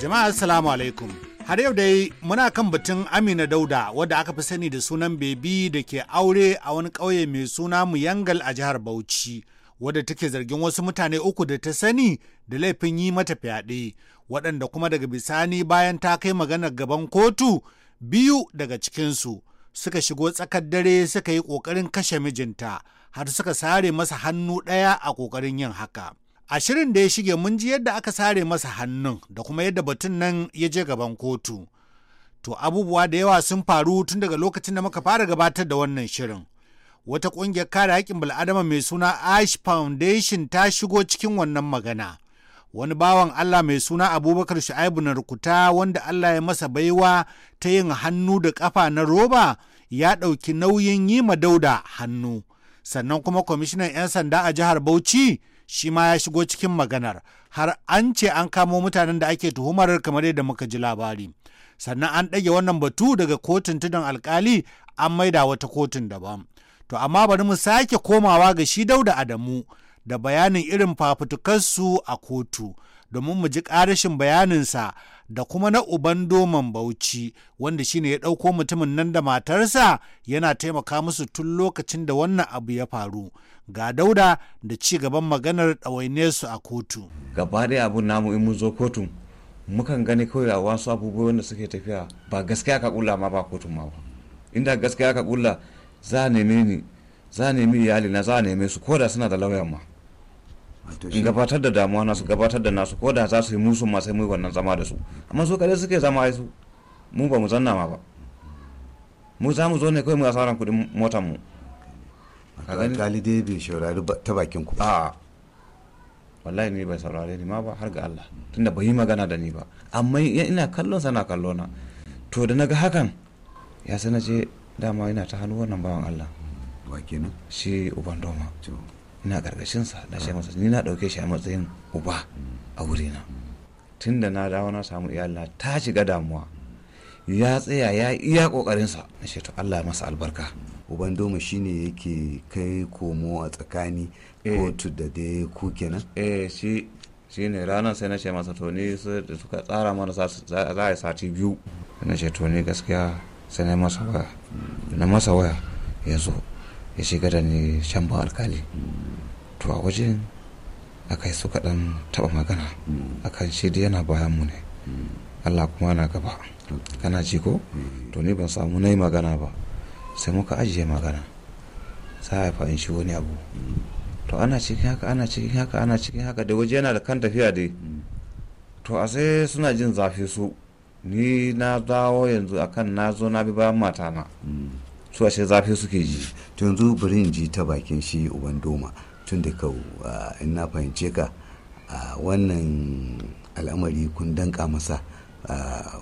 Jama'a Assalamu alaikum. Har yau dai muna kan batun Amina Dauda wadda aka fi sani da sunan Bebi da ke aure a wani ƙauye mai suna Muyangal a jihar Bauchi, wadda take zargin wasu mutane uku da ta sani da laifin yi mata fyaɗe, waɗanda kuma daga bisani bayan ta kai maganar gaban kotu biyu daga cikinsu suka shigo tsakar dare suka yi ƙoƙarin kashe mijinta har suka sare masa hannu ɗaya a ƙoƙarin yin haka. A shirin da ya shige mun ji yadda aka sare masa hannun da kuma yadda batun nan ya je gaban kotu. To abubuwa da yawa sun faru tun daga lokacin da muka fara gabatar da wannan shirin. Wata ƙungiyar kare haƙƙin bil'adama mai suna Ash Foundation ta shigo cikin wannan magana. Wani bawan Allah mai suna Abubakar Shu'aibu na rukuta wanda Allah ya masa baiwa ta yin hannu da kafa na roba ya ɗauki nauyin yi ma dauda hannu. Sannan kuma kwamishinan 'yan sanda a jihar Bauchi shi ma ya shigo cikin maganar har an ce an kamo mutanen da ake tuhumar kamar yadda muka ji labari sannan an ɗage wannan batu daga kotun tudun alkali an maida wata kotun daban to amma bari mu sake komawa ga shi dauda adamu da bayanin irin fafutukarsu a kotu domin mu ji ƙarashin bayaninsa da kuma na uban doman bauchi wanda shine ya ɗauko mutumin nan da matarsa yana taimaka musu tun lokacin da wannan abu ya faru ga dauda da ci gaban maganar su a kotu gaba da abun namu in mun zo kotu mukan gani kawai a wasu abubuwa wanda suke tafiya ba gaskiya ka kula ma ba kotun ma ba inda gaskiya ka kula za a ni za nemi iyali na za a neme su ko suna da lauyan ma gabatar da damuwa nasu gabatar da nasu ko da za su yi musu masu sai wannan zama da su amma su kadai suke zama su mu ba mu zanna ma ba mu za mu zo ne kawai mu asaran kuɗin motar mu alkali dai bai shaurari ta bakin ku a wallahi ni bai saurare ni ma ba har ga Allah tunda bai yi magana da ni ba amma ina kallon sana kallo na. to da naga hakan ya sanace ce dama ina ta hannu wannan bawan Allah wa kenan shi uban doma ina sa na shi ah. masa ni na dauke shi a matsayin uba a wurina tun da na dawo na samu iyalina ta shiga damuwa ya tsaya ya iya ƙoƙarinsa na shi to Allah masa albarka uban doma shine yake kai komo a tsakani eh. kotu da da ku kenan eh shi shine ranar sai na shi masa to ni suka tsara mana za a yi sati biyu na shi to ni gaskiya sai na masa waya na masa waya ya zo ya shiga da ni ba alkali to a wajen yi su kaɗan taɓa magana a kan shi da yana bayan mu ne allah kuma na gaba kana ji ko to ni ban samu na yi magana ba sai muka ajiye magana sai haifa in shi wani abu to ana cikin haka ana cikin haka ana cikin haka da waje yana da kan tafiya dai to a sai suna jin zafi su ni na dawo yanzu akan na zo na bi bayan matana su a zafi suke ji tun yanzu birin ji ta bakin shi uban doma tun da kau in na fahimce ka wannan al'amari kun danka masa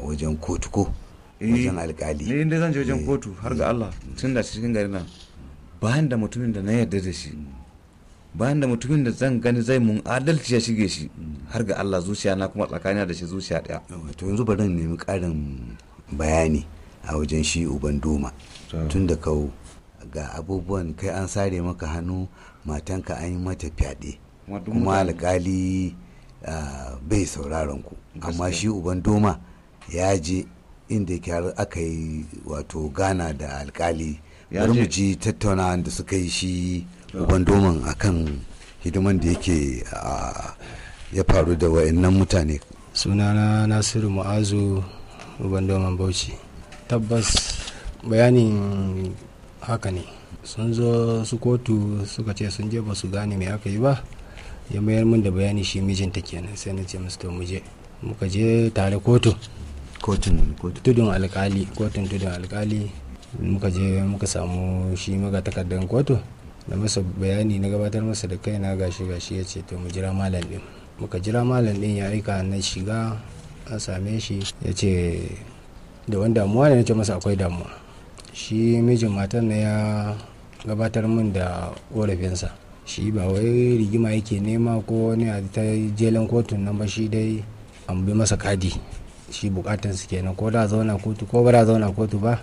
wajen kotu ko eh, wajen alkali ne eh, inda zan je wajen eh. kotu har ga Allah mm. tun da cikin gari nan bayan da mutumin da na yarda da shi mm. bayan da mutumin da zan gani zai mun adalci ya shige shi mm. har ga Allah zuciya na kuma tsakanina da shi zuciya daya to yanzu bari nemi karin bayani a wajen shi uban doma tun da kawo ga abubuwan kai an sare maka hannu matanka an yi mata fyaɗe kuma alkali bai sauraron ku amma shi uban doma ya je inda aka yi wato gana da alkali bari mu ji tattauna da suka yi shi uban doman kan hidiman da yake ya faru da wa'annan mutane sunana nasiru mu'azu uban doman bauchi tabbas bayanin haka ne sun zo su kotu suka ce sun je ba su gane mai aka yi ba ya mayar min da bayani shi mijinta kenan sai na ce musu to mu muka je tare kotu kotun tudun alkali kotun tudun alkali muka je muka samu shi maga takardar kotu da masa bayani na gabatar masa da kaina gashi gashi ya ce to mu jira malam din muka jira malam din ya aika na shiga an same shi ya ce da wani damuwa ne na ce masa akwai damuwa shi mijin matan na ya gabatar min da korafinsa shi ba wai rigima yake nema ko ne a ta jelen kotun nan ba shi dai an bi masa kadi shi bukatan su kenan ko da zauna kotu ko ba zauna kotu ba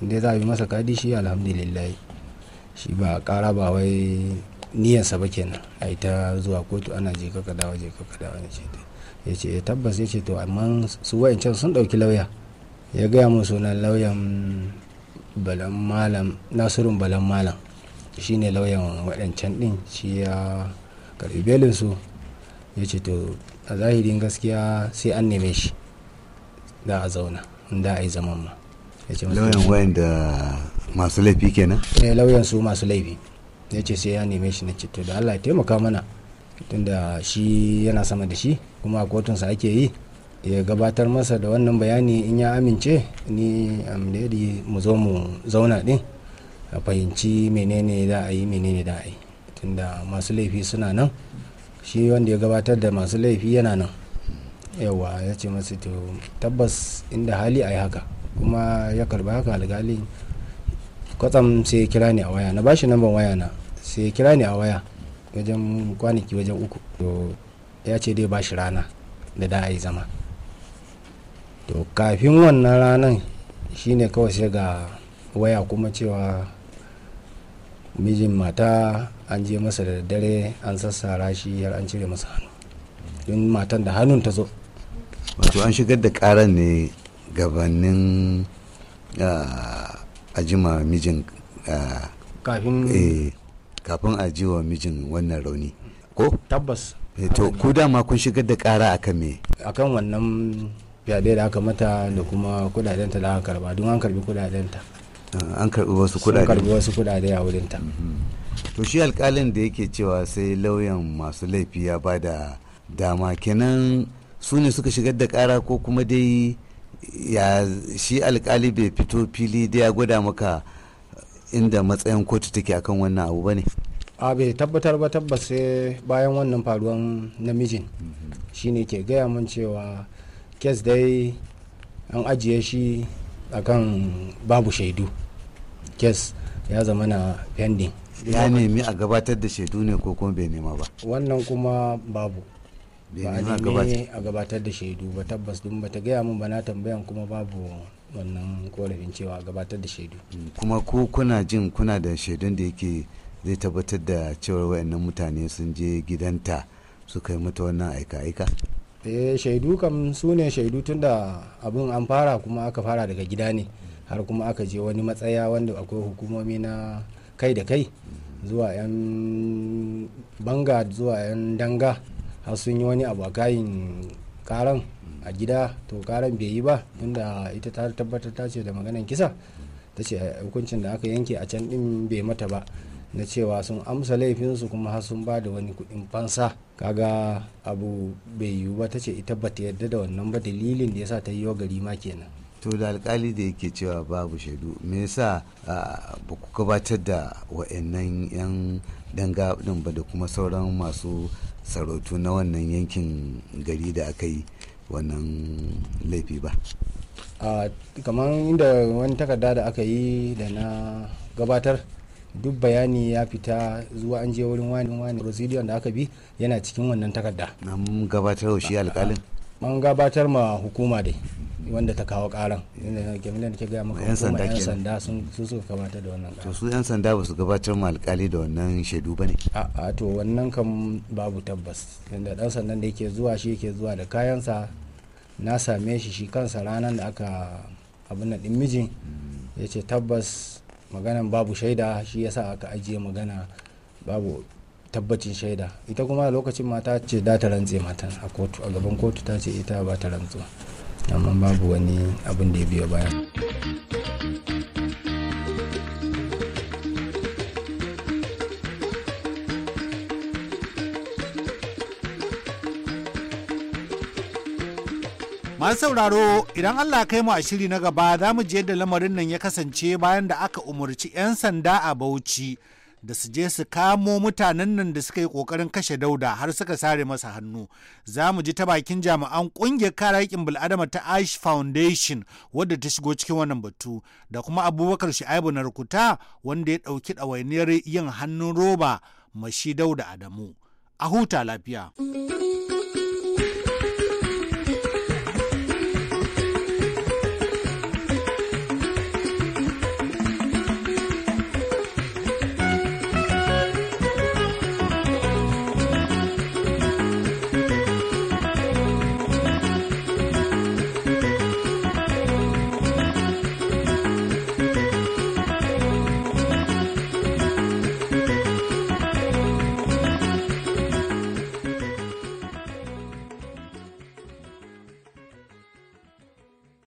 inda za a bi masa kadi shi alhamdulillah shi ba kara ba wai niyansa ba kenan a yi ta zuwa kotu ana je ka dawa je ka dawa ne ce ya ce eh, tabbas ya to amma su wa'ancan sun ɗauki lauya ya gaya mun sunan lauyan balan malam nasirun balan malam shine lauyan waɗancan ɗin shi ya karbi belinsu ya ce to a zahirin gaskiya sai an neme shi da a zauna da a yi zaman ma lauyan wayan da masu laifi kenan eh lauyan su masu laifi ya ce sai ya neme shi na ce to da allah ya taimaka mana tunda shi yana sama da shi kuma a kotunsa ake yi ya gabatar masa da wannan bayani in ya amince ni amdadi mu zo mu zauna din a fahimci menene za a yi menene da a tunda masu laifi suna nan shi wanda ya gabatar da masu laifi yana nan yawa ya ce masu to tabbas inda hali a haka kuma ya karba haka algali kwatsam sai ya kira ni a waya na bashi namban waya na sai ya kira ni a waya wajen kwanaki wajen uku ya ce dai bashi rana da da a zama to kafin wannan ranar shine kawai sai ga waya kuma cewa mijin mata an je masa da dare an sassara shi har an cire masa hannu don matan da hannun ta zo wato an shigar da karan ne gabanin ajima mijin kafin eh, kafin a ji wa mijin wannan rauni ko tabbas eh, to ku dama kun shigar da kara akan me akan wannan fyaɗe da aka mata da kuma kudadenta da aka karba don an karbi kudadenta ah, an karbi wasu kudade karbi wasu kudade a wurinta mm-hmm. to shi alkalin da yake cewa sai lauyan masu laifi ya ba da dama kenan su ne suka shigar da kara ko kuma dai ya shi alkali bai fito fili da ya gwada maka inda matsayin kotu take akan wannan abu ba a bai tabbatar ba tabbas sai bayan wannan faruwan namijin mm-hmm. shine ke gaya mun cewa kes dai an ajiye shi akan babu shaidu kes ya zama na pending ya nemi a gabatar da shaidu ne ko kuma bai nema ba wannan kuma babu ba a nemi a gabatar da shaidu ba tabbas dun ba ta gaya min ba na tambayan kuma babu wannan korafin cewa a gabatar da shaidu hmm, kuma ko kuna jin kuna da shaidun da yake zai tabbatar da cewar wayannan mutane sun je gidanta suka yi mata wannan aika-aika eh shaidu kam su ne shaidu tunda abin an fara kuma aka fara daga gida ne har kuma aka je wani matsaya wanda akwai hukumomi na kai da kai zuwa 'yan banga zuwa 'yan danga har sun yi wani abu a kayan karan a gida to karan bai yi ba inda ita ta tabbatar ta ce da maganan kisa ta ce hukuncin da aka yanke a can din bai mata ba na cewa sun amsa laifinsu kuma har sun ba da wani kuɗin fansa kaga abu bai yiwu ba ta ce ita ba ta yarda da wannan ba dalilin da ya sa ta yi wa gari ma kenan to da alkali da yake cewa babu shaidu me yasa ba ku gabatar da wa'annan yan danga gabin ba da kuma sauran masu sarautu na wannan yankin gari da aka yi wannan laifi ba kamar inda wani takarda da aka yi da na gabatar duk bayani ya fita zuwa an je wurin wani wani procedure da aka bi yana cikin wannan takarda mun gabatar shi alkalin an gabatar ma hukuma dai wanda ta kawo karan game da ke gaya maka hukuma yan sanda sun su kamata da wannan to su yan sanda ba su gabatar ma alkali da wannan shaidu ba ne a to wannan kam babu tabbas inda dan sandan da yake zuwa shi yake zuwa da kayansa na same shi shi kansa ranar da aka abin nan din mijin mm. yace tabbas maganan babu shaida shi yasa aka ajiye magana babu tabbacin shaida ita kuma lokacin mata ce da ta rantse mata a kotu a gaban kotu ta ce ita ba ta rantsu amma babu wani abin da ya biyo bayan masu sauraro idan allah kai mu a shiri na gaba za mu je da lamarin nan ya kasance bayan da aka umarci 'yan sanda a bauchi da su je su kamo mutanen nan da suka yi kokarin kashe dauda har suka sare masa hannu za mu ji ta bakin jami'an kungiyar kare haƙƙin bil'adama ta ash foundation wadda ta shigo cikin wannan batu da kuma abubakar shu'aibu na rukuta wanda ya ɗauki ɗawainiyar yin hannun roba mashi dauda adamu a huta lafiya.